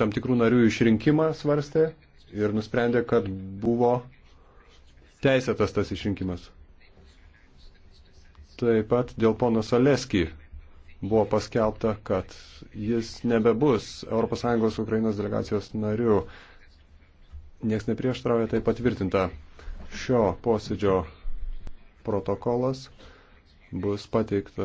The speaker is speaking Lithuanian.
tam tikrų narių išrinkimą svarstė ir nusprendė, kad buvo teisėtas tas išrinkimas. Taip pat dėl pono Saleski buvo paskelbta, kad jis nebebus ES Ukrainos delegacijos narių. Niekas neprieštrauja, tai patvirtinta. Šio posėdžio protokolas bus pateiktas.